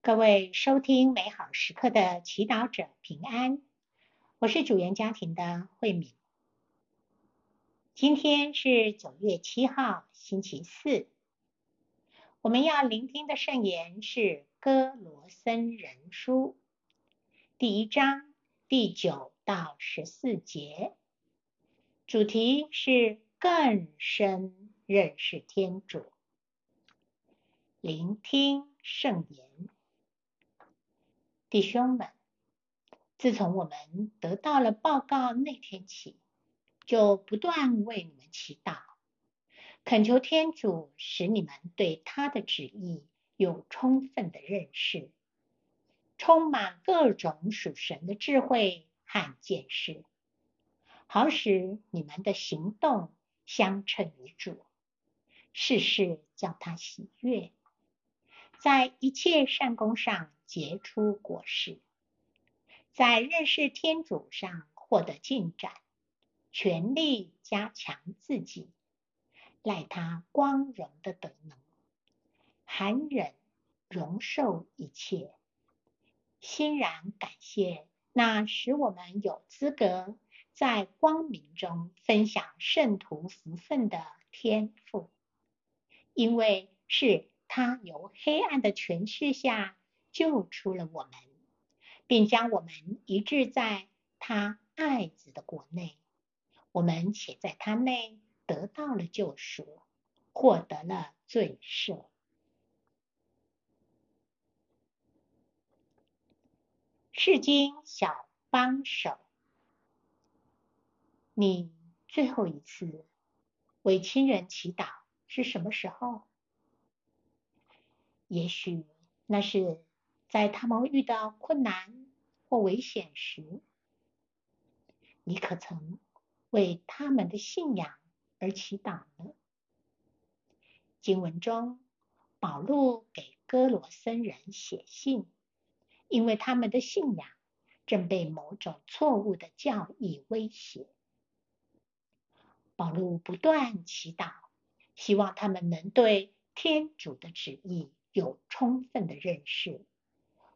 各位收聽美好時刻的祈禱者平安，我是主言家庭的慧敏。今天是九月七號，星期四。我們要聆聽的聖言是《哥羅森人書》第一章第九到十四節，主題是更深認識天主。聆聽聖言。弟兄們，自從我們得到了報告那天起，就不斷為你們祈禱，懇求天主使你們對他的旨意有充分的認識，充滿各種屬神的智慧和見識，好使你們的行動相稱於主，事事叫他喜悅。在一切善功上結出果實，在認識天主上獲得進展，全力加強自己，賴他光榮的德能，含忍容受一切，欣然感謝那使我們有資格在光明中分享聖徒福分的天父，因為是。他由黑暗的權勢下救出了我們，並將我們移置在他愛子的國內。我們且在他內得到了救贖，獲得了罪赦。聖經小幫手，你最後一次為親人祈禱是什麼時候？也許那是在他們遇到困難或危險時，你可曾為他們的信仰而祈禱呢？經文中，保祿給哥羅森人寫信，因為他們的信仰正被某種錯誤的教義威脅。保祿不斷祈禱，希望他們能對天主的旨意。有充分的認識，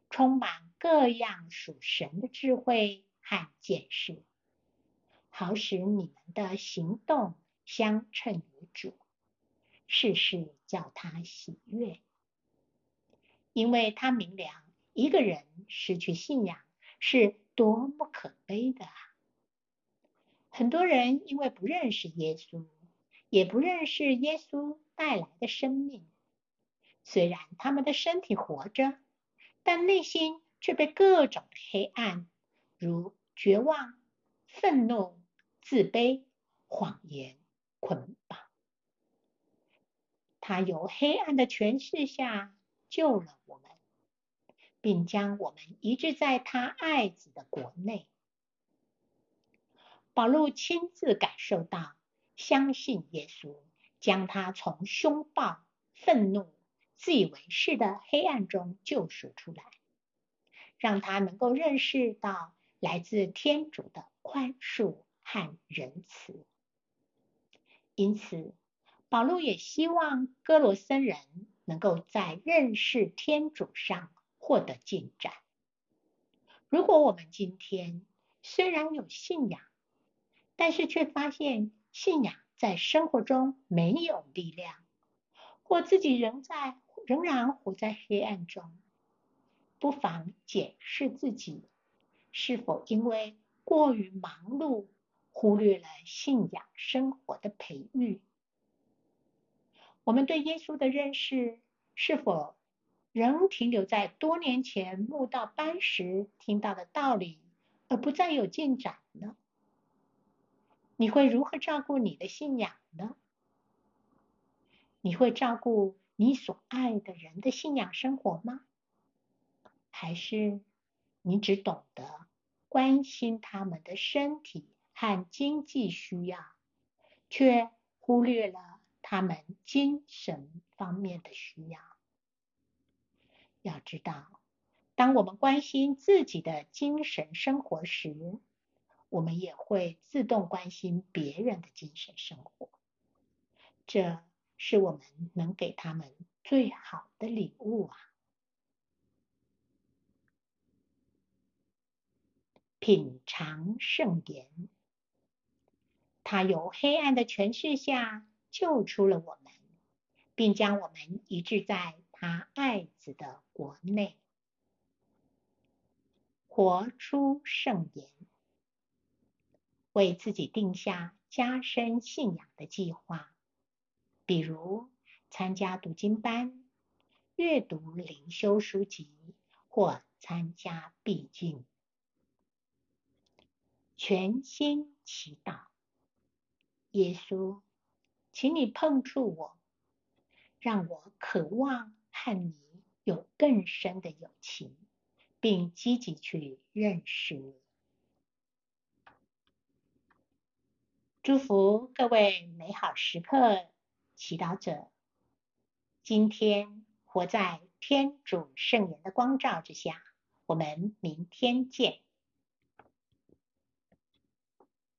充滿各樣屬神的智慧和見識，好使你們的行動相稱於主，事事叫他喜悅，因為他明了一個人失去信仰是多麼可悲的啊！很多人因為不認識耶穌，也不認識耶穌帶來的生命。雖然他們的身體活着，但內心卻被各種的黑暗，如絕望、憤怒、自卑、謊言捆綁。他由黑暗的權勢下救了我們，並將我們移置在他愛子的國內。保祿親自感受到，相信耶穌將他從兇暴、憤怒。自以為是的黑暗中救贖出來，讓他能夠認識到來自天主的寬恕和仁慈。因此，保祿也希望哥羅森人能夠在認識天主上獲得進展。如果我們今天雖然有信仰，但是却發現信仰在生活中沒有力量，或自己仍在。仍然活在黑暗中，不妨檢視自己，是否因為過於忙碌，忽略了信仰生活的培育？我們對耶穌的認識，是否仍停留在多年前慕道班時聽到的道理，而不再有進展呢？你會如何照顧你的信仰呢？你會照顧？你所愛的人的信仰生活嗎？還是你只懂得關心他們的身體和經濟需要，卻忽略了他們精神方面的需要？要知道，當我們關心自己的精神生活時，我們也會自動關心別人的精神生活。這是我們能給他們最好的禮物啊！品嘗聖言，他由黑暗的權勢下救出了我們，並將我們移置在他愛子的國內，活出聖言，為自己定下加深信仰的計劃。比如參加讀經班、閱讀靈修書籍，或參加避靜、全心祈禱。耶穌，請你碰觸我，讓我渴望和你有更深的友情，並積極去認識你。祝福各位美好時刻。祈禱者，今天活在天主聖言的光照之下，我們明天見。